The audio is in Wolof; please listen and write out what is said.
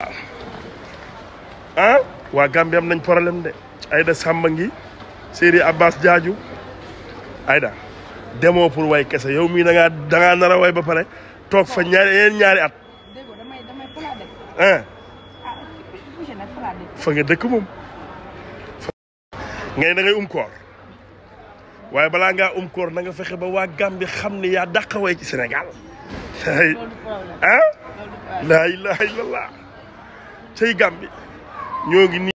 Ah, ah, waa Gambie am nañ problème de Aïda Samba ngi Seydi Abbas jaaju ayda demoo pour way kese yow mii da ngaa da way ba pare toog fa ñaari ñaari at. ah, ah fa nga dëkk moom. ngay da um koor waaye balaa nga um koor na fexe ba waa Gambie xam ne yaa dàqawee ci Sénégal. la ilaha cey Gàmbi ñoo ngi nii